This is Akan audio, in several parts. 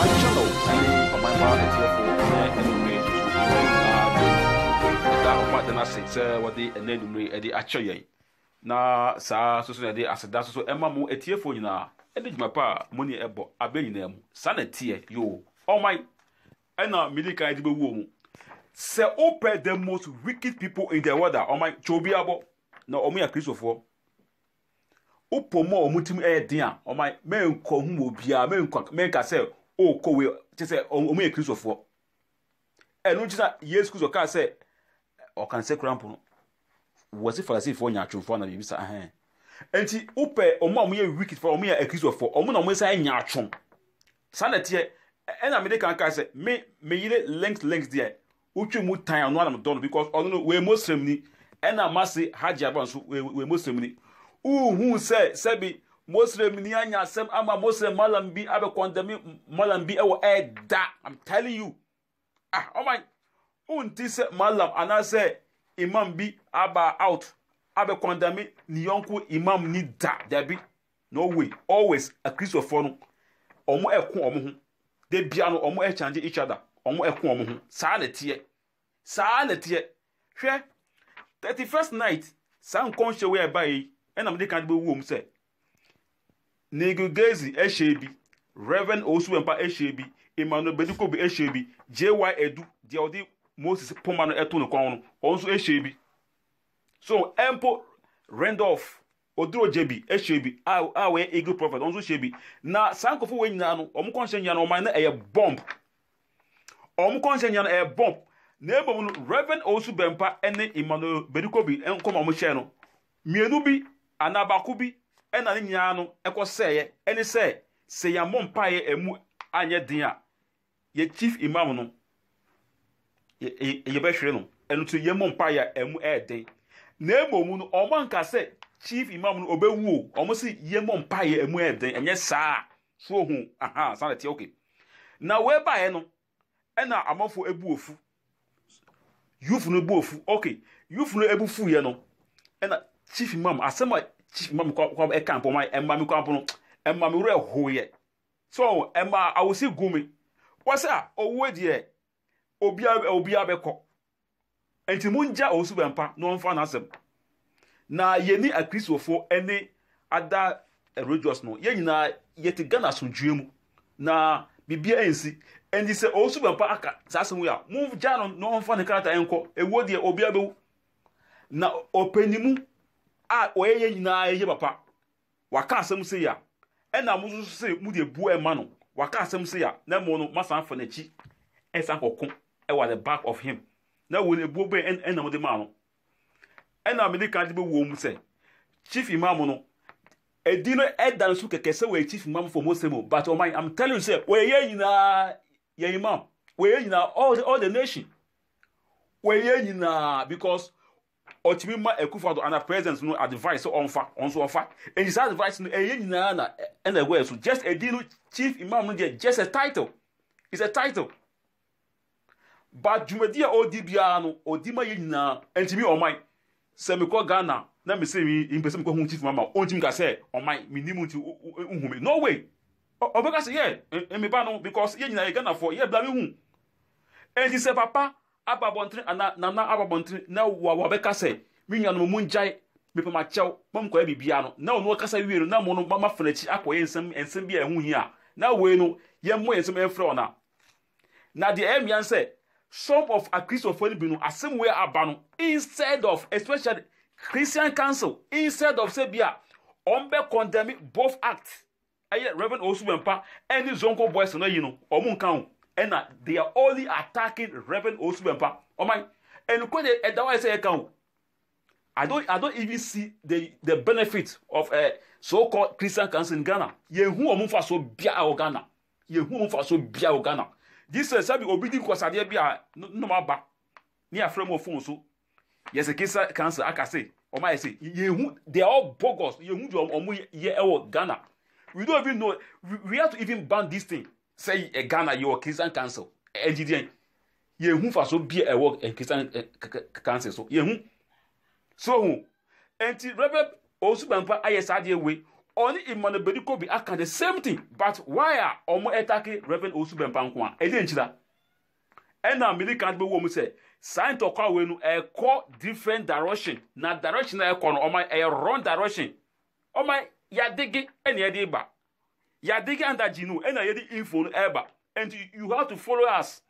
for ɔmanfa atiɛfo sɛ ɛnumere susu da ɔmo adana se sɛ wɔde ɛnɛ numere ɛde akyɛ yɛn na saa soso na ɛde aseda soso ɛma mo atiɛfo nyinaa ɛde dwuma pa a mo ne ɛbɔ abɛ nyinaa mu saa na ɛteɛ yoo ɔman ɛna milika ɛde bɛwu ɔmo sɛ wopɛ the most wicked people in the world a ɔman kyɛ obi abɔ na ɔmo yɛ akristofoɔ wopɔ mu a ɔmo tim ɛyɛ den a ɔman mɛnkɔ ho wɔ obiara mɛnkɔ mɛnka sɛ okɔwe kyɛ sɛ ɔmo yɛ kristofoɔ ɛno nkyɛ sɛ yesu kristo kaa sɛ ɔkan sɛ kura mpono wɔsi farisifoɔ nyaatwomfoɔ na biribi sa ahɛn nti wopɛ ɔmo a ɔmo yɛ wikid fɔ ɔmo yɛ akristofoɔ ɔmo na ɔmo sa yɛ nyaatwom saa na teɛ ɛna mede kan kaa sɛ me meyere length length deɛ wotwi mu tan ɔno anam dɔ no because ɔno no wee mo srɛm ni ɛna mase hagye aba nso wee mo srɛm ni uhu sɛ sɛbi muslim ni anya asɛm ama muslim malam bi abɛkɔndami malam bi ɛwɔ ɛda i'm telling you ah ɔman oh wonti sɛ malam anaasɛ imam bi aba out abɛkɔndami ne yɔnko imam ni da dabi no way always akristofoɔ no ɔmo ɛko ɔmo ho de bia no ɔmo ɛkyangye each other ɔmo ɛko ɔmo ho saa na teɛ saa na teɛ hwɛ thirty first night saa nkɔnhyɛ wei ɛba yi ɛnam de kan bɛ wɔ sɛ Nigugezi Eshebi, Reverend Osuwempa Eshebi, Emmanuel Bedukobi Eshebi, J.Y. Edu, Diodi Moses Pomano Etunu Kwanu, Onsu Eshebi. So, Empo Randolph, Oduro Jebi, Eshebi, Awe Eagle Prophet, Onsu Shebi. Na Sankofu we nyina no, omu konshe nyina no, omane eye bomb. Omu konshe nyina eye bomb. Na ebo mu Reverend Osu Bempa ene Emmanuel Bedukobi enkoma omu share no. Mienu bi, anabako bi, ɛna ne nyinaa no ɛkɔ sɛeɛ ɛne sɛ sɛ yɛmmɔ mpaeɛ ɛmu anyɛ den a yɛ chief imam no yɛbɛhwere no ɛno nso yɛmmɔ mpaeɛ a ɛmu ɛyɛ den na mmom no ɔmo anka sɛ chief imam no ɔbɛwu o ɔmo sɛ yɛmmɔ mpaeɛ ɛmu ɛyɛ den ɛnyɛ saa so ohu aha saa na ɛteɛ okay na wɔɛbaeɛ no ɛna amɔfo ebu ofu yufu no ebu ofu ok yufu no ebu fuu yɛ no ɛna chief imam asɛm a ɛka e mpɔma ɛma e mi kwan pono ɛma e mi werɛ hoyɛ so ɛma awosi gumi wɔsɛ a owuwe deɛ obia obia bɛkɔ nti mu ngya osu bɛ mpa na ɔmfa n'asɛm na yɛni akristofo ɛne ada religious no yɛn nyinaa yɛte ghana dwe mu na bibia nsi nti sɛ osu bɛ mpa aka saa asɛm yi a mu gya no na ɔmfa ne krataa nkɔ ewuo deɛ obia bɛwu na ɔpɛnimu a ɔyɛ ihe nyinaa ihe papa waka asem se ya ɛna mo nso se mo de bu ɛma no waka asem se ya na mo no ma san fa n'akyi ɛsan kɔko ɛwɔ the back of him na wɔn ebuo bɛn ɛna mo de maa no ɛna mo de kan de bɛ wɔ mu sɛ chief imam no ɛdi no ɛda no so kɛkɛ sɛ wɔyɛ chief imam for mose mu but ɔman i'm telling you sɛ wɔyɛ ihe nyinaa yɛ imam wɔyɛ nyinaa all the all the nation wɔyɛ nyinaa because. ɔtumi ma akufado ana president nụ advice ɔmfa ɔnso ɔfa ɛnyi saa advice no ɛyɛ nyinaa na ɛna ɛwɔ yɛ so just ɛdi no chief imam no deɛ just a title is a title but dwumadi a ɔdi biara no ɔdi ma yɛ nyinaa ɛntumi ɔman sɛ mekɔ ghana na mesɛ mi mpɛ sɛ mekɔ hu chief imam a ɔntumi ka sɛ ɔman menim nti nhumi no way ɔbɛka sɛ yɛ e, e meba no because yɛ nyinaa yɛ ghanafoɔ yɛ bla me hu ɛnti sɛ papa aba abɔntene ana nana aba abɔntene na wa wa bɛka sɛ mi nuanom mu ngyae mepɛ ma kyɛw ma mkɔyɛ biribiara no na ɔno ɔkasa wie no na mo no ma fa n'akyi akɔyɛ nsɛm nsɛm bi a ɛho hia na wei no yɛmmɔ yɛn nsɛm yɛmfrɛ ɔna na deɛ ɛyɛ sɛ some of akristofoɔ no bi no asɛm wei aba no instead of especially christian council instead of sɛ bi a condemn both act ɛyɛ reverend osubempa ɛne zonko boys no yi no ɔmo nka ho ɛna uh, they are only attacking reverend osubempa ɔman ɛnukɔ de ɛda wa ɛsɛ yɛ kan o i don't i don't even see the the benefit of uh, so called christian council in ghana yɛn hu wɔn nfa so bia wɔ ghana yɛn hu wɔn nfa so bia wɔ ghana jesus uh, sabi obi di nkɔsadeɛ bi a nnum aba ne afra mu ofun so yɛsɛ christian council aka se ɔmo ayɛ oh, se yɛn hu they are all bogus yɛn hu de ɔmo yɛ ɛwɔ ghana we don't even know we, we have to even ban this thing. sɛ eh, ghana yɛwɔ christian council agyidiɛn eh, eh, yɛhu faso so bia ɛwɔ christian council so yɛhu so hu nti reverend osubampa ayɛ saa adeɛ wei ɔne emmanuel bediko bi aka the same thing but why a ɔmo ɛtake reverend osubampa nko a ɛdeɛ nkyira ɛna mmiri kan bɛ wɔ mu sɛ saa ntɔkwa wei no ɛkɔ different direction na direction a ɛkɔ no ɔmo ɛyɛ wrong direction ɔmo yadege ɛna ɛde ba. ya digi anda jinu ena yedi info no eba and you have to follow us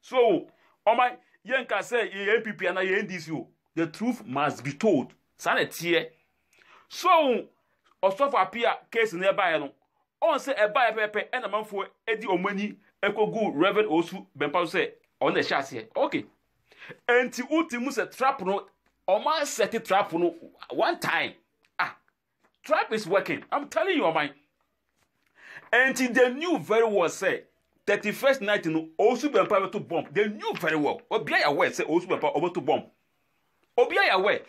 so ọma yẹn nka sẹ yẹ npp ana yẹ ndc o the truth must be told saa na teɛ so ɔsɔfo apia case no ɛbaeɛ no ɔn sɛ ɛbaeɛ pɛpɛpɛ ɛna manfoɔ edi wɔn ani ɛkɔgu reverend osu bɛmpa so sɛ ɔno na ɛhyɛ aseɛ okay nti wote mu sɛ trap no ɔmo asɛte trap no one time ah trap is working i'm telling you ɔman. Oh nti they knew very well sɛ thirty first night no osu bɛmpa to bomb they knew very well obi a yawɛ sɛ osu bɛmpa to bomb obi a yawɛ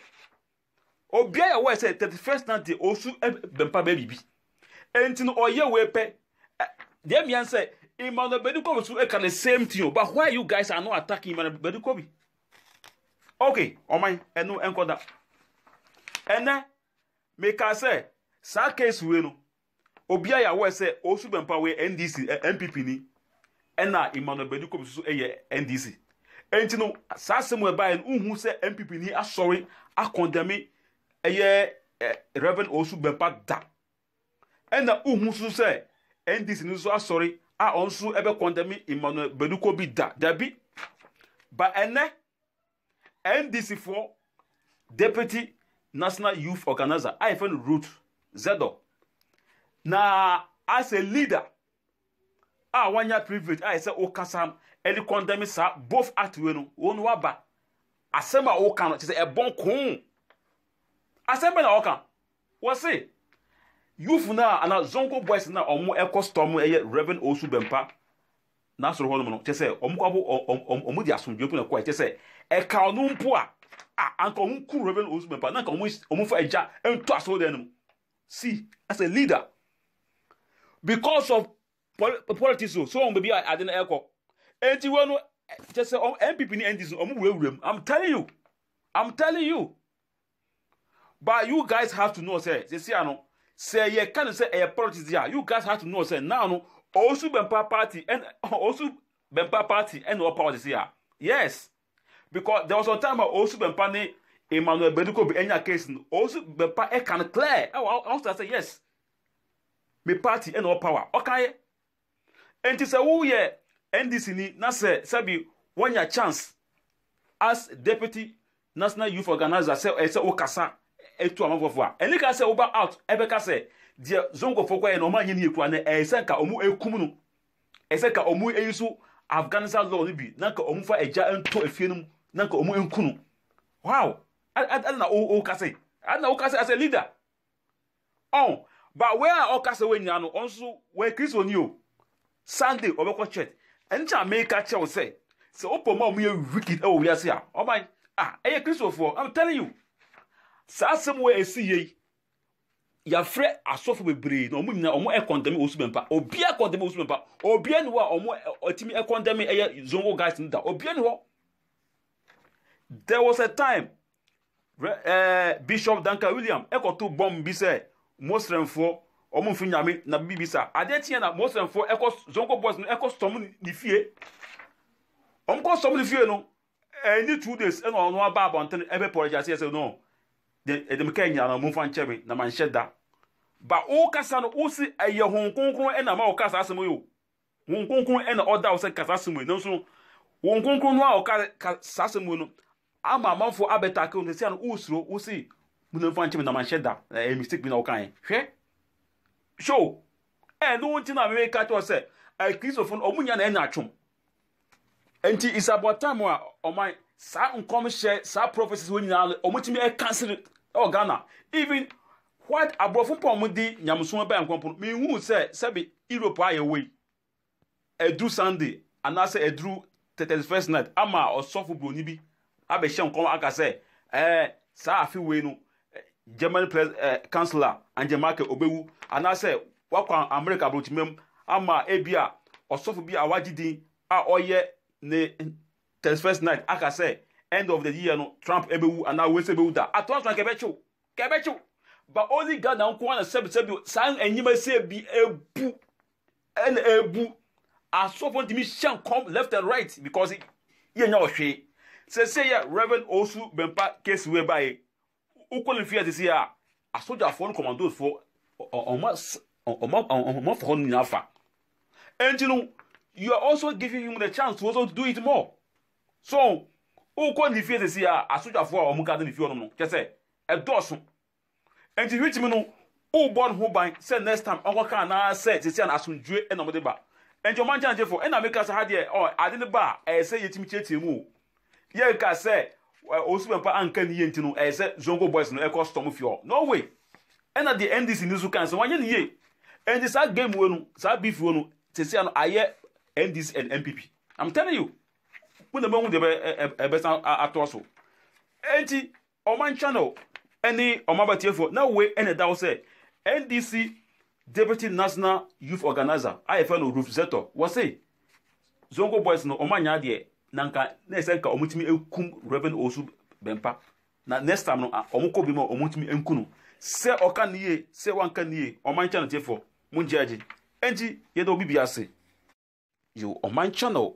obi a yawɛ sɛ thirty first night osu bɛmpa bɛ bibi nti no ɔyɛ wee pɛ eh, deɛ mmiɛn sɛ emmanuel bedikobi so ka the same thing o oh. but why you guys are not attacking emmanuel bedikobi okay ɔman ɛnu nkɔda ɛnɛ mika sɛ saa case wee no. obi a yɛawɔ sɛ ɔsu bɛmpa wɔyɛ ndc npp ni na emmanuel bedikop nso yɛ ndc nti no saa asɛm a ɛbaeɛ no nhu sɛ npp ni asɔre akɔndɛme ɛyɛ reverend Osu bɛmpa da na nhu nso sɛ ndc ni nso a ɔno nso ɛbɛkɔndɛme emmanuel bedikop bi da dabi ba ɛnɛ ndc for deputy national youth organizer a yɛfɛ no zedor na as a leader a wanya privilege a yɛ sɛ ɔkasa ɛde condemn saa both atiwe no wɔn waba asɛm a ɔka no sɛ ɛbɔn asɛm bɛ na ɔka wɔsi youth na ana zonko boys na ɔmo ɛkɔ ɛyɛ osu bɛmpa n'asɔrɔ hɔ nom no kyerɛ sɛ ɔmo kɔ ɔmo di asomdwe po na sɛ mpo a a anka ɔmo osu bɛmpa na anka ɔmo fa ɛnto no as because of politics o so wɔn baabi a ade no ɛkɔ eti wɔn no kyɛ sɛ npp ne ndc wɔn wurawura mu i'm telling you i'm telling you but you guys have to know sɛ sisi ano sɛ yɛ ka no sɛ ɛyɛ politics a you guys have to know sɛ now no ɔwɔsu bɛnpa party ɛn ɔwɔsu bɛnpa party ɛna ɔwɔ power sisi a yes because there was some time a ɔwɔsu bɛnpa ne emmanuel benukobi ɛnya case no ɔwɔsu bɛnpa ɛka no clear ɛwɔ ɔwɔsu ta sɛ yes. me party ɛna ɔ power ɔkaeɛ nti sɛ woyɛ ndc ni na sɛ sɛbi wɔnya chance as deputy national youth organizer sɛ ɛsɛ ɔkasa wokasa ɛtu amanfoɔfoɔ a ɛne ka sɛ ɔba out ɛbɛka sɛ deɛ zonkofoɔ kɔyɛ eh, no ɔma anyɛ ne yɛ kura no ɛyɛ sɛ nka ɔmo ekum no ɛsɛ ka nka ɔmo eyi so afghanistan law no bi na nka ɔmo fa ɛgya eh, ntɔ eh, efie no mu na nka ɔmo nku no wow adana o o kase as a leader ɔn oh, but where are all cast away nyina no ɔnso wɔ o sande ɔbɛkɔ church ɛnkyɛn america kyɛw sɛ sɛ ɔpɔ mu a ɔmo yɛ wicked a ɔman a ɛyɛ i'm telling you saa asɛm wɔ esi yie yi yɛafrɛ asɔfo bebree na ọmụmụ na ọmụ ɛkɔndɛmi osu mɛmpa obia kɔndɛmi osu mɛmpa a ɔmo ɔtumi ɛkɔndɛmi ɛyɛ zongo guys there was a time eh, muslimfoɔ wɔn mfiri nyame na bibi sa adeɛ tiɛ na muslimfoɔ ɛkɔ zonko boys no ɛkɔ sɔm ne fie wɔn kɔ sɔm ne fie no ɛni two days ɛna ɔno aba abɔnten ɛbɛ pɔrɔgye aseɛ sɛ no ɛdɛm kɛ nyina na ɔmo nfa nkyɛn mi na ma nhyɛ da ba ɔkasa no ɔsi ɛyɛ hɔn kronkron ɛna ma ɔkasa asɛm yi o hɔn kronkron ɛna ɔda ɔsɛ kasa asɛm yi nanso hɔn kronkron no a ɔka saa asɛm yi no ama amanfoɔ abɛta no sɛ ɔsuro ɔsi mu na mfa nkyɛn mu na ma nhyɛ da ɛyɛ mistake bi na ɔka yɛ hwɛ show ɛɛ no wɔn ti na mɛmɛ ka kyɛw sɛ akristofo no ɔmo nya na ɛna atwom nti isabɔ time a ɔman saa nkɔmhyɛ saa prophecies wɔn nyinaa ɔmo ti mi ɛkansiri ɛwɔ ghana even white aborɔfo pɔn mo di nyamusoma bɛyɛ nkɔmpo no mihu sɛ sɛbi europe ayɛ wei ɛdu sunday anaasɛ ɛduru thirty first night ama ɔsɔfo buroni bi abɛhyɛ nkɔm aka sɛ ɛɛ saa afi wei no german pres ɛ eh, kansila angela merkel obewu anaasɛ wakɔ america aburokyimam ama ebi a ɔsɔfo bi a wagye din a ɔyɛ ne thirty first night aka sɛ end of the year no trump ebewu anaa wese ebewu da ato ato kɛbɛkyew kɛbɛkyew But only ghana nko ana sɛbisɛbi saa enyima se bi ebu ɛna ebu asɔfo ntumi hyɛn kɔm left and right because yɛnya ɔhwee sɛsɛ yɛ reverend osu bɛmpa case wɛ baa yi wokɔ ne fie ate sɛ a asogyafoɔ no commandofoɔ ɔma fa hɔ no nyinaa fa ɛnti no you are also giving him the chance to also do it more so wokɔ ne fie ate sɛ a asogyafoɔ a ɔmo ka de ne fie ɔnom no kyɛ sɛ e ɛdɔɔso ɛnti hwetimi no wobɔ ne ho ban sɛ next time ɔnkɔka anaa sɛ tesia no asomdwe ɛna e ɔmode ba ɛnti ɔma nkyɛnkyɛfoɔ ɛna e meka sɛ ha deɛ ade ne ba a ɛyɛ sɛ yɛtumi kyiatia mu o yɛka sɛ osimhen pa anka ne yie nti no ɛyɛ eh, sɛ zongo boys no ɛkɔ storm fie hɔ norway ɛna eh, deɛ ndc ni so kan sɛ wɔnyɛ ne yie eh, ɛnti saa game wo no saa beef wo no tesia no ayɛ ndc and npp i'm telling you wọn nàbẹ wọn deɛ ɛbɛsan atɔ so ɛnti ɔman channel ɛne ɔman abatiɛfoɔ na wei ɛna ɛda sɛ ndc deputy national youth organizer a yɛ fɛ no rufzeto wɔ se zongo boys no ɔman nya adeɛ na nka na ɛsɛ nka ɔmo tumi ekum reverend osu bɛnpa na next time no ɔmo kɔ bi mu a ɔmo tumi enku no sɛ ɔka ne yie sɛ wanka ne yie ɔman kyɛn no fɔ mo n gye agye ɛnti yɛ dɛ obi bi ase yo ɔman kyɛn no